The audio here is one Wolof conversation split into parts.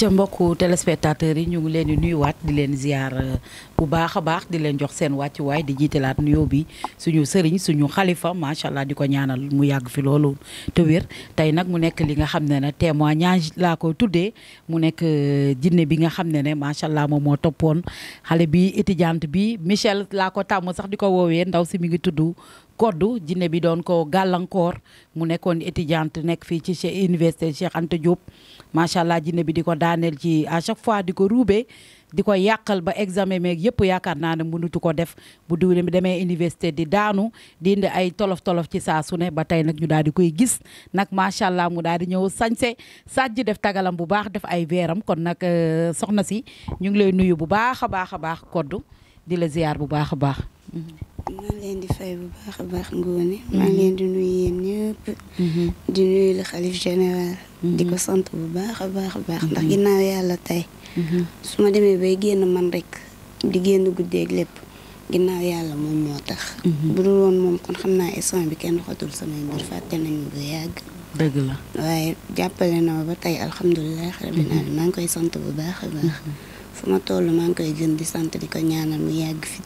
ca mbokku téléspectateurs yi ñu ngi leen di nuyuwaat di leen ziar euh, bu baax a baax di leen jox seen waay di jiitalaat nuyoo bi suñu sëriñ suñu xalifa macha allah di ko ñaanal mu yàgg fi loolu te wér tey nag mu nekk li nga xam ne ne témoignage laa ko tudde mu nekk euh, jinne bi nga xam ne ne macha allah moom moo toppoon xale bi étudiante bi Michel laa ko tàmm sax di ko woowee ndaw si mi ngi tudd koddu jinne bi doon ko gàllankoor mu nekkoon étudiante nekk fii ci université Cheikh Anta Diop macha allah jinne bi di ko daaneel ci à chaque fois di ko ruubee di ko yàqal ba examen meeg yëpp yaakaar naa ne mënutu ko def bu mi demee université di daanu di indi ay tolof tolof ci saa su ba tey nag ñu daal di koy gis nag macha allah mu daal di ñëw sañse sàjj def tagalam bu baax def ay veeram kon nag euh, soxna si ñu ngi lay nuyu bu baax a baax a baax koddu di la ziar bu baax a baax. maa leen di fay bu baax a baax Ngoné mhm. maa leen di nuy yéen ñëpp mhm. di nuyu le xalif général mhm. di ko sant bu baax a baax a baax ndax ginnaaw yàlla tey su ma demee bay génn man rek di génn guddeeg lépp ginnaaw yàlla moom moo tax bu dul woon moom kon xam naa instant bi kenn xotul samay mbir fàtte nañu bu yàgg dëgg la waaye jàppale na ma ba tey alhamdulilah rabbil alamin maa ngi koy sant bu baax a baax fu ma toll maa ngi koy gën di sant di ko ñaana mu yàgg fi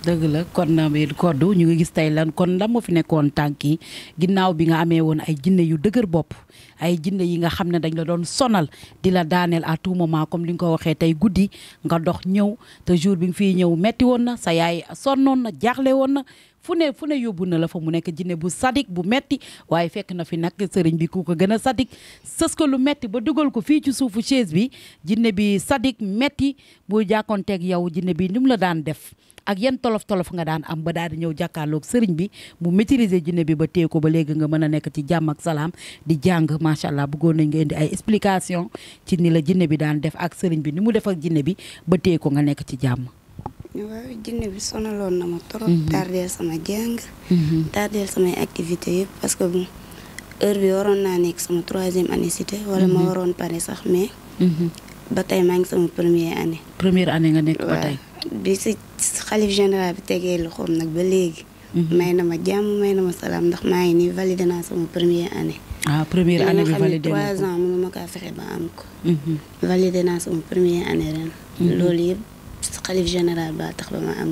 dëgg la kon Ameth Codou ñu ngi gis tey lan kon lan moo fi nekkoon tànk yi ginnaaw bi nga amee woon ay jinne yu dëgër bopp ay jinne yi nga xam ne dañ la doon sonal di la daaneel à tout moment comme li nga ko waxee tey guddi nga dox ñëw te jour bi fii ñëw metti woon na sa yaay sonnoon na jaaxle woon na fu ne fu ne yóbbu na la fa mu nekk jinne bu sadik bu metti waaye fekk na fi nag sëriñ bi ku ko gën a sadik sës ko lu metti ba dugal ko fii ci suufu chaise bi jinne bi sadik metti bu jàkkoonteeg yow jinne bi ni mu la daan def ak yan tolof tolof nga daan am ba daal di ñëw jàkkaarloog sëriñ bi mu maîtriser jinne bi ba téye ko ba léegi nga mën a nekk ci jàmm salaam di jàng macha allah bëggoon nañ nga indi ay explication ci ni la jinne bi daan def ak sëriñ bi ni mu def jinne bi ba téye ko nga nekk ci jàmm. waaw jinne bi sonaloon na ma trop. Mhm. tardeel sama jàng. Mhm. tardeel samay activités yëpp parce que heure bi waroon naa nekk sama troisième année cité wala ma mhm. waroon pare sax mais. ba tey maa ngi sama première année. première année nga nekk ba tey. général bi tegee loxoom nag ba léegi. may na ma jàmm may na ma salaam ndax maa ngi nii validé naa sama première année. ah première année bi trois ans mënu ma kaa fexe ba am ko. validé naa sama première année ren. loolu yëpp. xalif général baa tax ba ma am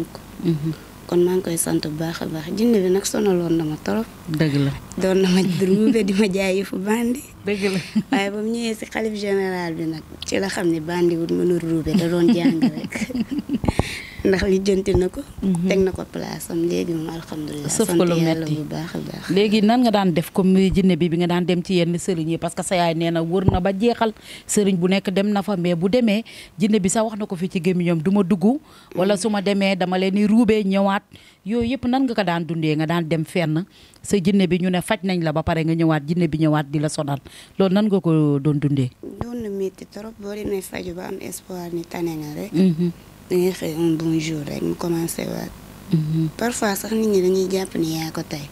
mhm. kon maa ngi koy sant bu baax a baax jinne bi nag sonaloon na ma torop dëgg la doon na ma ruube di ma jaay yëfu bandi dëgg la waaye ba ñëwee si xalif général bi nag ci la xam ne bandi wut mënul ruube da doon jàng rek ndax lijjanti na ko. Mhm. teg na ko place am léegi moom alhamdulilah. sëf ko bu baax a baax. léegi nan nga daan def comme jinne bi bi nga daan dem ci yenn sëriñ yi parce que sa yaay nee na wër na ba jeexal sëriñ bu nekk dem na fa mais bu demee jinne bi sax wax na ko fii ci gémmiñam du ma dugg. wala mm. su ma demee dama leen di ruubee ñëwaat yooyu yëpp nan nga ko daan dundee nga daan dem fenn sa jinne bi ñu ne faj nañ la ba pare nga ñëwaat jinne bi ñëwaat di la sonal loolu nan nga ko doon dundee. dangay xëy un bonjour rek mu commencé waat. Mhm. parfois sax nit ñi dañuy jàpp ne yaa ko tey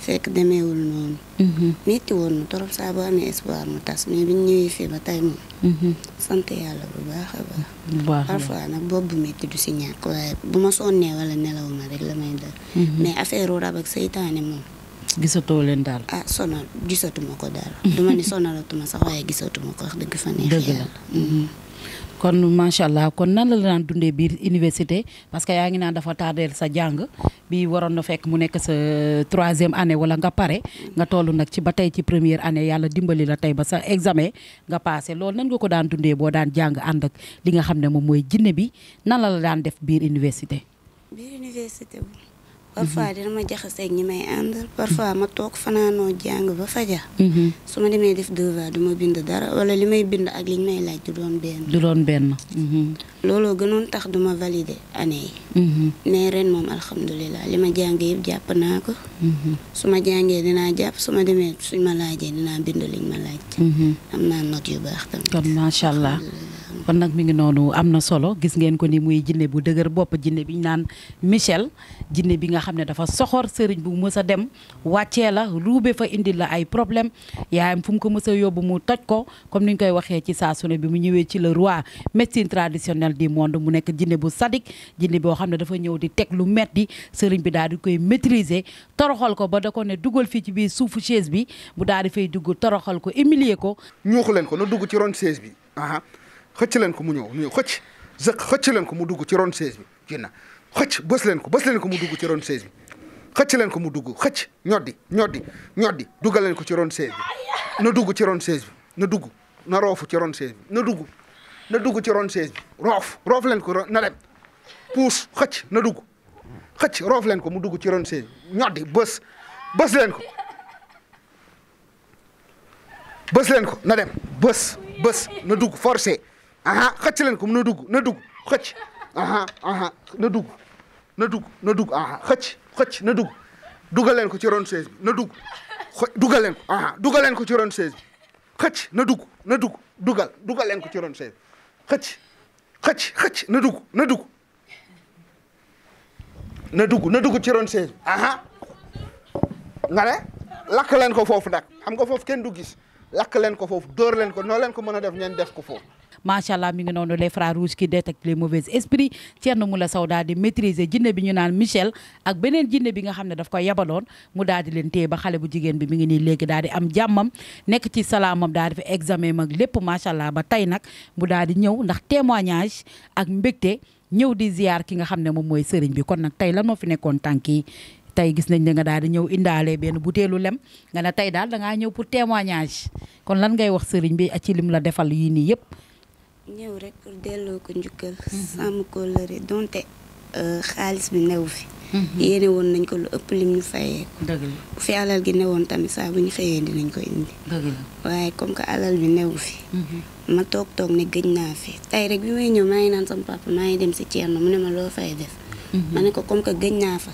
fekk demeewul noonu. Mhm. metti woon na trop saa amee espoir mu tas mais fii ba tey moom. Mhm. yàlla bu baax a baax. bu metti du si ñàkk bu ma sonnee wala nelaw ma rek la may dal. mais affaire rab ak seytaane moom. gisatoo leen daal. ah sonal gisatuma ko daal. duma ni sonalatuma sax waaye gisatuma ko wax dëgg fa neex yàlla. kon macha allah kon nan la la daan dundee biir université parce que yaa ngi naan dafa tardeel sa jàng bi waroon na fekk mu nekk sa troisième année wala nga pare nga toll nag ci ba tey ci première année yàlla dimbali la tey ba sa examen nga passé loolu nan nga ko daan dundee boo daan jàng ànd ak li nga xam ne moom mooy jinne bi nan la la daan def biir université. parfois mhm. dina ma jaxaseeg ñi may àndal. parfois ma toog fanaanoo jàng ba fajar. Mhm. su ma demee def devoir du ma bind dara wala li may bind ak liñ may laaj du doon benn. du doon benn. Mhm. looloo gënoon tax du ma valider année yi. mais ren moom alhamdulilah li ma jàng yëpp jàpp naa ko. su ma jàngee dinaa jàpp su ma demee suñ ma laajee dinaa bind liñ ma laaj. am naa note yu baax tamit. kon macha allah. kon nag mi ngi noonu am na solo gis ngeen ko ni muy jinne bu dëgër bopp jinne bi ñu naan Michel jinne bi nga xam ne dafa soxor sëriñ bu mës a dem wàccee la ruube fa indi la ay problème yaayam fu mu ko mës a yóbbu mu toj ko comme ni ñu koy waxee ci saa su bi mu ñëwee ci le roi médecine traditionnelle di monde mu nekk jinne bu sadik jinne boo xam ne dafa ñëw di teg lu metti sëriñ bi daal di koy maîtriser toroxal ko ba da ko ne dugal fii ci biir suufu chaise bi mu daal di fay dugg toroxal ko humilier ko ñuuxu leen ko na dugg ci ron chaise bi xëcc leen ko mu ñëw mu ñëw xëcc leen ko mu dugg ci ron seize bi génn xëcc bës leen ko bës leen ko mu dugg ci ron seize bi xëcc leen ko mu dugg xëcc ñoddi ñoddi ñoddi duggal leen ko ci ron seize na dugg ci ron seize bi na dugg na ci ron seize bi na dugg na dugg ci ron seize bi roof leen ko na dem puus xëcc na dugg xëcc roof leen ko mu dugg ci ron seize bi ñoddi bas bës leen ko bës leen ko na dem bës bës na dugg forcé aha xëcc leen ko na dugg na dugg xëcc aha aha na dugg na dugg na dugg aha xëcc xëcc na dugg dugal leen ko ci ron chaise bi na dugg dugal leen ko aha dugal leen ko ci ron chaise bi xëcc na dugg na dugg dugal dugal leen ko ci ron chaise bi xëcc xëcc xëcc na dugg na dugg na dugg na dugg ci ron chaise bi aha nga ne lakk leen ko foofu nag xam nga foofu kenn du gis lakk leen ko foofu dóor leen ko noo leen ko mën a def ngeen def ko foofu macha allah mi ngi noonu les frères rouges qui détectent les mauvais esprits Thierno Moule Sow daal di maîtriser jinne bi ñu naan Michel ak beneen jinne bi nga xam ne daf ko yabaloon mu daal di leen téye ba xale bu jigéen bi mi ngi nii léegi daadi am jàmmam nekk ci salaamam daal di fi examen mag lépp macha allah ba tey nag mu daal di ñëw ndax témoignage ak mbégte ñëw di ziar ki nga xam ne moom mooy sëriñ bi kon nag tey lan moo fi nekkoon tànk yi tey gis nañ ne nga daal di ñëw indaale benn butéelu lem nga tey daal da ñëw pour témoignage kon lan ngay wax sëriñ bi ci lim la defal yii nii yëpp ñëw rek pour delloo ko njukkal. sàmm ko lëre donte euh, xaalis bi new fi. Mhm. yéene woon nañ ko lu ëpp lim ñu fayee ko. dëgg bu fi alal gi newoon tamit saa bu ñu xëyee dinañ ko indi. dëgg la waaye comme que alal bi new fi. Mhm. ma toog toog ne gëj naa fi tey rek bi may ñëw maa ngi naan sama papa maa ngi dem si na mu ne ma loo fay def. Mhm. ma ne ko comme que gëj naa fa.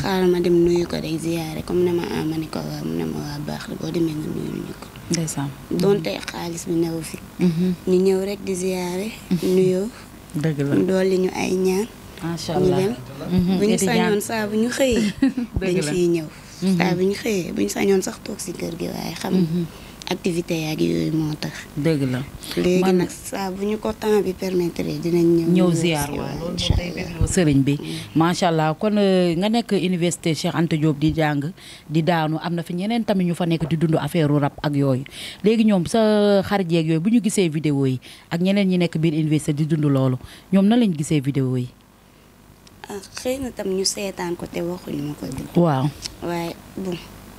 xaaral ma dem nuyu ko de ziyaare comme ne ma ah ma ko waa mu ne ma waa baax la boo demee nga nuyu ñu ko. ndeysaan donte xaalis bi newu fi mhm. ñu ñëw rek di ziyaare mhm. nuyoo dëgg la li ñu ay ñaan macha allah ñu bu ñu sañoon saa bu ñu xëyee dañ fiy ñëw mhm. saa bu ñu xëyee bu ñu sañoon sax toog si kër gi waaye xam activité yaak yooyu moo tax. dëgg la léegi nag saa bu ñu ko temps bi permettre dinañ ñëw. ñëw ziar waaw sëriñ bi. Mm. macha allah kon euh, nga nekk université Cheikh Anta di jàng di daanu am na fi ñeneen tamit ñu fa nekk di dund affaire rab ak yooyu léegi ñoom sa xarit yeeg yooyu bu ñu gisee vidéo yi ak ñeneen ñi nekk biir université di dund loolu ñoom na lañ gisee vidéo yi. ah xëy na tam ñu seetaan ko te waxuñu ma ko. waaw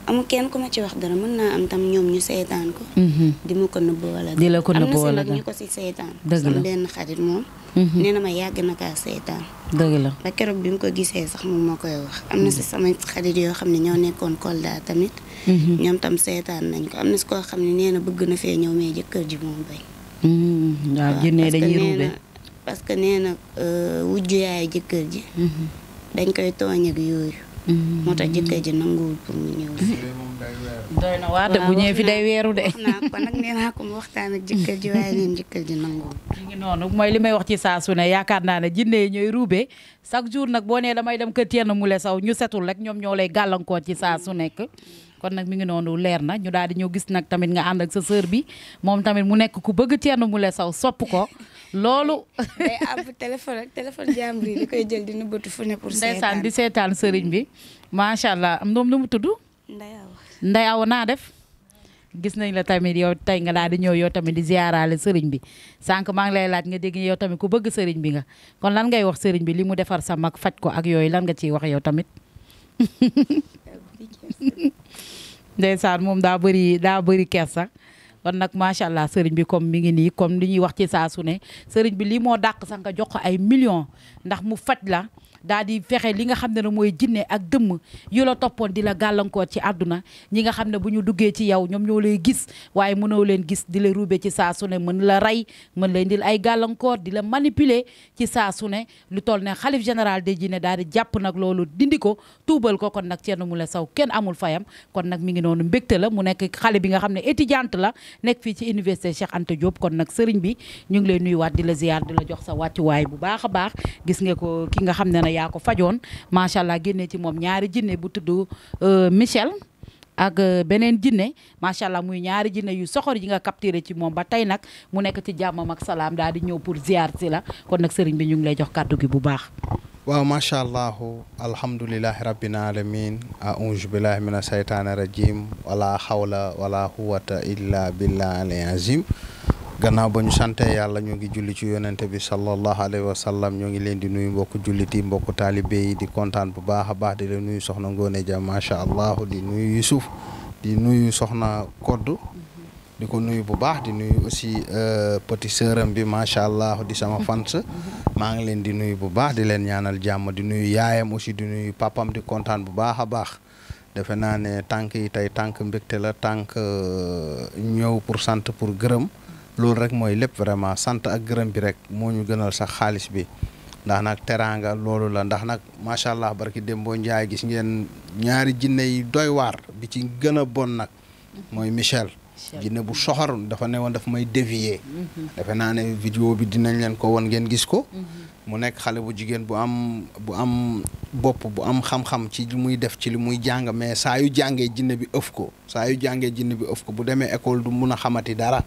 amul kenn ku ma ci wax dara mën naa am tam ñoom ñu seetaan ko. Mhm. di ma ko nëbb wala di la ko nëbb wala am si nag ñu ko si seetaan. moom. Mhm. nee na ma yàgg na kaa seetaan. dëgg la ba keroog bi ko gisee sax moom koy wax am na si mhm. sama xarit yoo xam ne ñoo nekkoon Kolda tamit. ñoom tam seetaan nañ ko am na koo xam ne nee na bëgg na fee ñëw mais jëkkër ji moom parce que nee na euh, wujju yaay jëkkër ji. dañ koy tooñ yooyu. Mm. moo tax jëkkër ji nanguwul pour mm. bu ñëwee fi day weeru de. wax naa nag nee waxtaan ak jëkkër ji waaye mooy li may wax ci saa su ne yaakaar naa ne jinne yi ñooy ruube chaque jour nag boo nee damay dem kër Thierno Moule Sow ñu setul rek ñoom ñoo lay gàllankoor ci saa su nekk kon nag mi ngi noonu leer na ñu daal di gis nag tamit nga ànd ak sa sœur bi moom tamit mu nekk ku bëgg Thierno Moule Sow sopp ko loolu. day àbb téléphone ak téléphone jàmbur yi di koy jël di nëbbatu fu ne pour. seetaan ndeysaan di seetaan sëriñ bi macha allah am doom lu mu tudd. Ndeye Awa naa def. gis nañ la tamit yow tey nga daa di ñëw yow tamit di ziyaaraale sëriñ bi sànq maa ngi lay laaj nga dégg yow tamit ku bëgg sëriñ bi nga kon lan ngay wax sëriñ bi lii mu defar sa faj ko ak yooyu lan nga ciy yow tamit. ndeysaan moom daa bëri daa bëri kersa kon nag macha allah sëriñ bi comme bi ngi nii comme li ñuy wax ci saa su ne sëriñ bi lii moo dàq sax jox ko ay million ndax mu faj la. daa di fexe li nga xam ne na mooy jinne ak dëmm yu la toppoon di la gàllankoor ci àdduna ñi nga xam ne bu ñu duggee ci yow ñoom ñoo lee gis waaye mënoo leen gis di la ruube ci saa su ne mën la rey mën la indil ay gàllankoor di la manipuler ci saa su ne lu toll ne xalif général de jinne daal di jàpp nag loolu dindi ko tuubal ko kon nag Thierno Moule saw kenn amul fayam kon nag mu ngi noonu mbégte la mu nekk xale bi nga xam ne étudiante la nekk fii ci université Cheikh Anta Diop kon nag sëriñ bi ñu ngi lay nuyuwaat di la ziar di la jox sa wàccuwaay bu baax a baax gis nga ko ki nga xam ne yaa ko fajoon macha allah génne ci moom ñaari jinne bu tudd euh, Michel. ak euh, beneen jinne macha allah muy ñaari jinne yu soxor ji nga capturé ci moom ba tey nag mu nekk ci jàmmam ak salaam daal di ñëw pour ziar si la kon nag sëriñ bi ñu ngi lay jox kàddu gi bu baax. waaw macha allah alhamdulilahi rabbil alamin aouzu billahi mina saytaani rajim wala xawla wala quwwata illa billahi al azim gannaaw ba sante yàlla ñoo ngi julli ci yonente bi sallallahu alayhi wa sallam ñoo ngi leen di nuyu mbokk jullit yi mbokku taalibe yi di kontaan bu baax a baax di la nuyu soxna Ngone Dia macha allah di nuyu Youssouf di nuyu soxna Koddu di ko nuyu bu baax di nuyu aussi euh, petit sœuram bi macha allah di sama fans maa ngi leen di nuyu bu baax di leen ñaanal jàmm di nuyu yaayam aussi di nuy pappam di kontaan bu baax a baax. defe naa ne tànk yi tey tànk mbégte la tànk euh, ñëw pour sant pour gërëm. loolu rek mooy lépp vraiment sant ak gërëm bi rek moo ñu gënal sax xaalis bi ndax nag teraanga loolu la ndax nag macha allah barki démboo Ndiaye gis ngeen ñaari jinne yi doy waar bi ci gën a bon nag mooy Michel. jinne bu soxor dafa ne woon dafa may dévier. Mhm. defe naa ne vidéo bi dinañ leen ko won ngeen gis ko. Mhm. mu nekk xale bu jigéen bu am bu am bopp bu am xam-xam ci li muy def ci li muy jàng mais saa yu jàngee jinne bi ëf ko saa yu jàngee jinne bi ëf ko bu demee école du mun a xamati dara.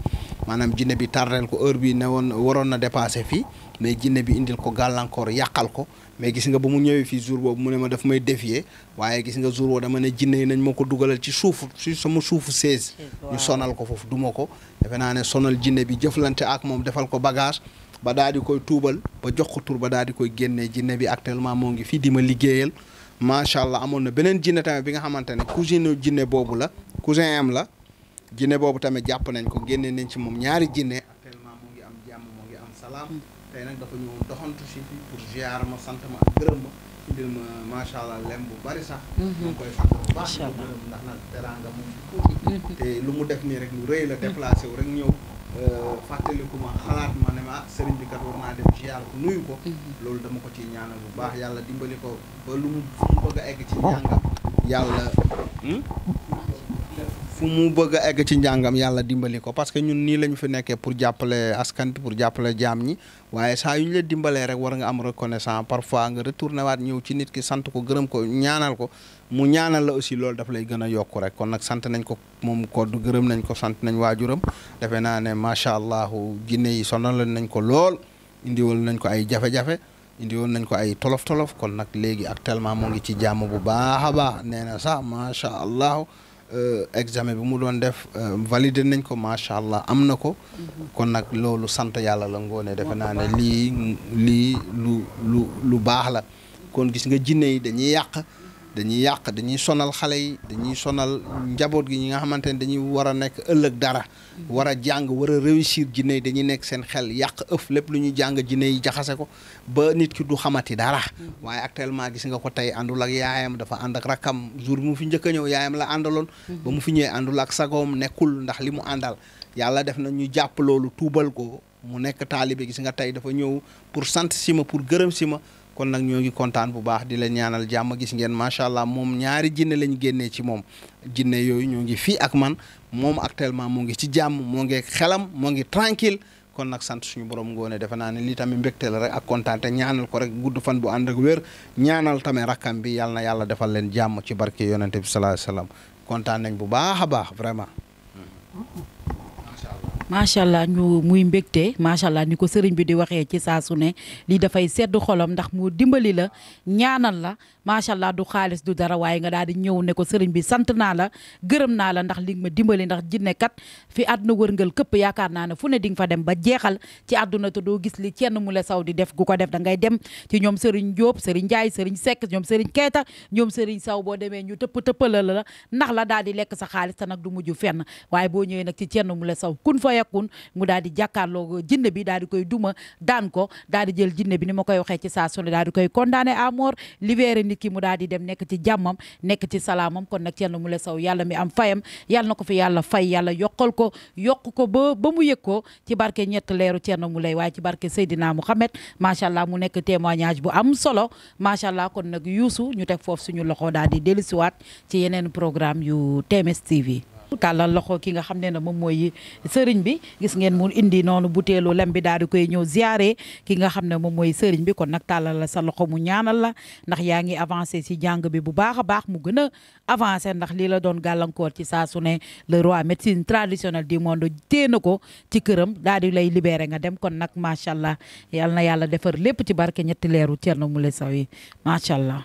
maanaam jinne bi tardel ko heure bi ne woon waroon na dépassé fii mais jinne bi indil ko gàllankoor yàqal ko mais gis nga ba mu ñëwee fii jour boobu mu ne ma daf may défier waaye gis nga jour boobu dama ne jinne nañ ma ko dugalal ci suuf ci sama suufu seize sonal ko foofu duma ko defe naa ne sonal jinne bi jëflante ak moom defal ko bagage ba daal di koy tuubal ba jox ko tur ba daal di koy génnee jinne bi actuellement moo ngi fii di ma liggéeyal macha allah amoon na beneen jinne tamit bi nga xamante ne cousine jinne boobu la cousin am la jinne boobu tamit jàpp nañ ko génne nañ ci moom ñaari jinne actuellement mu ngi am jàmm mu ngi am salaam tey nag dafa ñëw doxantu si fii pour ziar ma sant ma ak gërëm ma indil ma macha allah lem bu bari sax. mu mhm. ngi koy sant bu baax. ndax nag teraanga mu ngi mhm. lu mu def nii rek lu rëy la déplacé wu rek ñëw. Euh, fàttaliku ma xalaat ma ne ma ah, sëriñ bi kat war naa dem ziar ko mhm. loolu dama ko ci ñaanal bu baax yàlla dimbali ko ba lu mu fu mu bëgg a egg ci njàngam yàlla. Hmm? fu mu bëgg a egg ci njàngam yàlla dimbali ko parce que ñun nii lañu ñu fi nekkee pour jàppale askan bi pour jàppale jaam ñi waaye saa yu ñu la dimbalee rek war nga am reconnaissant parfois nga retourné waat ñëw ci nit ki sant ko gërëm ko ñaanal ko mu ñaanal la aussi loolu daf lay gën a yokku rek kon nag sant nañ ko moom ko du gërëm nañ ko sant nañ waajuram defe naa ne macha allah jinne yi sonal nañ ko lool indiwal nañ ko ay jafe-jafe. indi woon nañ ko ay tolof tolof kon nag léegi actuellement mu ngi ci jàmm bu baax a baax nee na Euh, examen bi mu doon def euh, validé nañ ko macha allah am na ko. Mhm. kon nag loolu sant yàlla la ngoone defe naa ne lii lii lu lu lu baax la kon gis nga jinne yi dañuy yàq. dañuy yàq dañuy sonal xale yi dañuy sonal njaboot gi ñi nga xamante ne dañuy war a nekk ëllëg dara war a jàng war a réussir jinne yi dañuy nekk seen xel yàq ëf lépp lu ñuy jàng jinne yi jaxase ko ba nit ki du xamati dara waaye actuellement gis nga ko tey àndul ak yaayam dafa ànd ak rakkam jour mu fi njëkk a ñëw yaayam la àndaloon ba mu fi ñëwee àndul ak sagoom nekkul ndax li mu àndal yàlla def na ñu jàpp loolu tuubal ko mu nekk taalibe gis nga tey dafa ñëw pour sant si ma pour gërëm si ma kon nag ñoo kontaan bu baax di leen ñaanal jàmm gis ngeen macha allah moom ñaari jinne lañ génnee ci moom jinne yooyu ñoo ngi fii ak man moom actuellement mu ngi ci jàmm moo ngi xelam moo ngi tranquille kon nag sant suñu borom ngoone defe naa ne lii tamit mbégte la rek ak kontaan te ñaanal ko rek gudd fan bu ànd ak wér ñaanal tamit rakkam bi yàlla na yàlla defal leen jàmm ci barke yonente bi sallallahu alayhi kontaan nañ bu baax a baax vraiment macha allah ñu muy mbégte macha allah ni ko sëriñ bi di waxee ci saa su ne li dafay sedd xolam ndax mu dimbali la ñaanal la macha allah du xaalis du dara waaye nga daal di ñëw ne ko sëriñ bi sant naa la gërëm naa la ndax li ma dimbali ndax jinne kat fi àdduna wërngal këpp yaakaar naa ne fu ne di fa dem ba jeexal ci àdduna te doo gis li kenn mu la saw di def gu ko def da ngay dem ci ñoom sëriñ Diop sëriñ Ndiaye sëriñ sekk ñoom sëriñ Keita ñoom sëriñ Saw boo demee ñu tëpp tëppalal la ndax la daal di lekk sa xaalis nag du mujj fenn waaye boo ñëwee nag ci kenn mu la saw fayakun mu daal di jàkkaarloo jinne bi daal di koy duma daan ko daal di jël jinne bi ni ma koy waxee ci saa su daal di koy condamné à mort libéré nit mu daal di dem nekk ci jàmmam nekk ci salaamam kon nag ci yàlla mu la saw yàlla mi am fayam yàlla na ko fi yàlla fay yàlla yokkal ko yokk ko ba ba mu yëg ko ci barke ñett leeru Thierno Mouleye waaye ci barke Seydina Mouhamed macha allah mu nekk témoignage bu am solo macha allah kon nag yuusu ñu teg foofu suñu loxo daal di dellusiwaat ci yeneen programme yu TMS TV tàllal loxo ki nga xam ne ne moom mooy sëriñ bi gis ngeen mu indi noonu butéelu lem bi daal di koy ñëw ziare ki nga xam ne moom mooy sëriñ bi kon nag tàllal la sa loxo mu ñaanal la ndax yaa ngi avancé si jàng bi bu baax a baax mu gën a avancé ndax lii la doon gàllankoor ci saa su ne roi médecine traditionnelle du monde téye na ko ci këram daal di lay libéré nga dem kon nag macha allah yal na yàlla defar lépp ci barke ñetti leeru Thierno Moule Sow yi macha allah.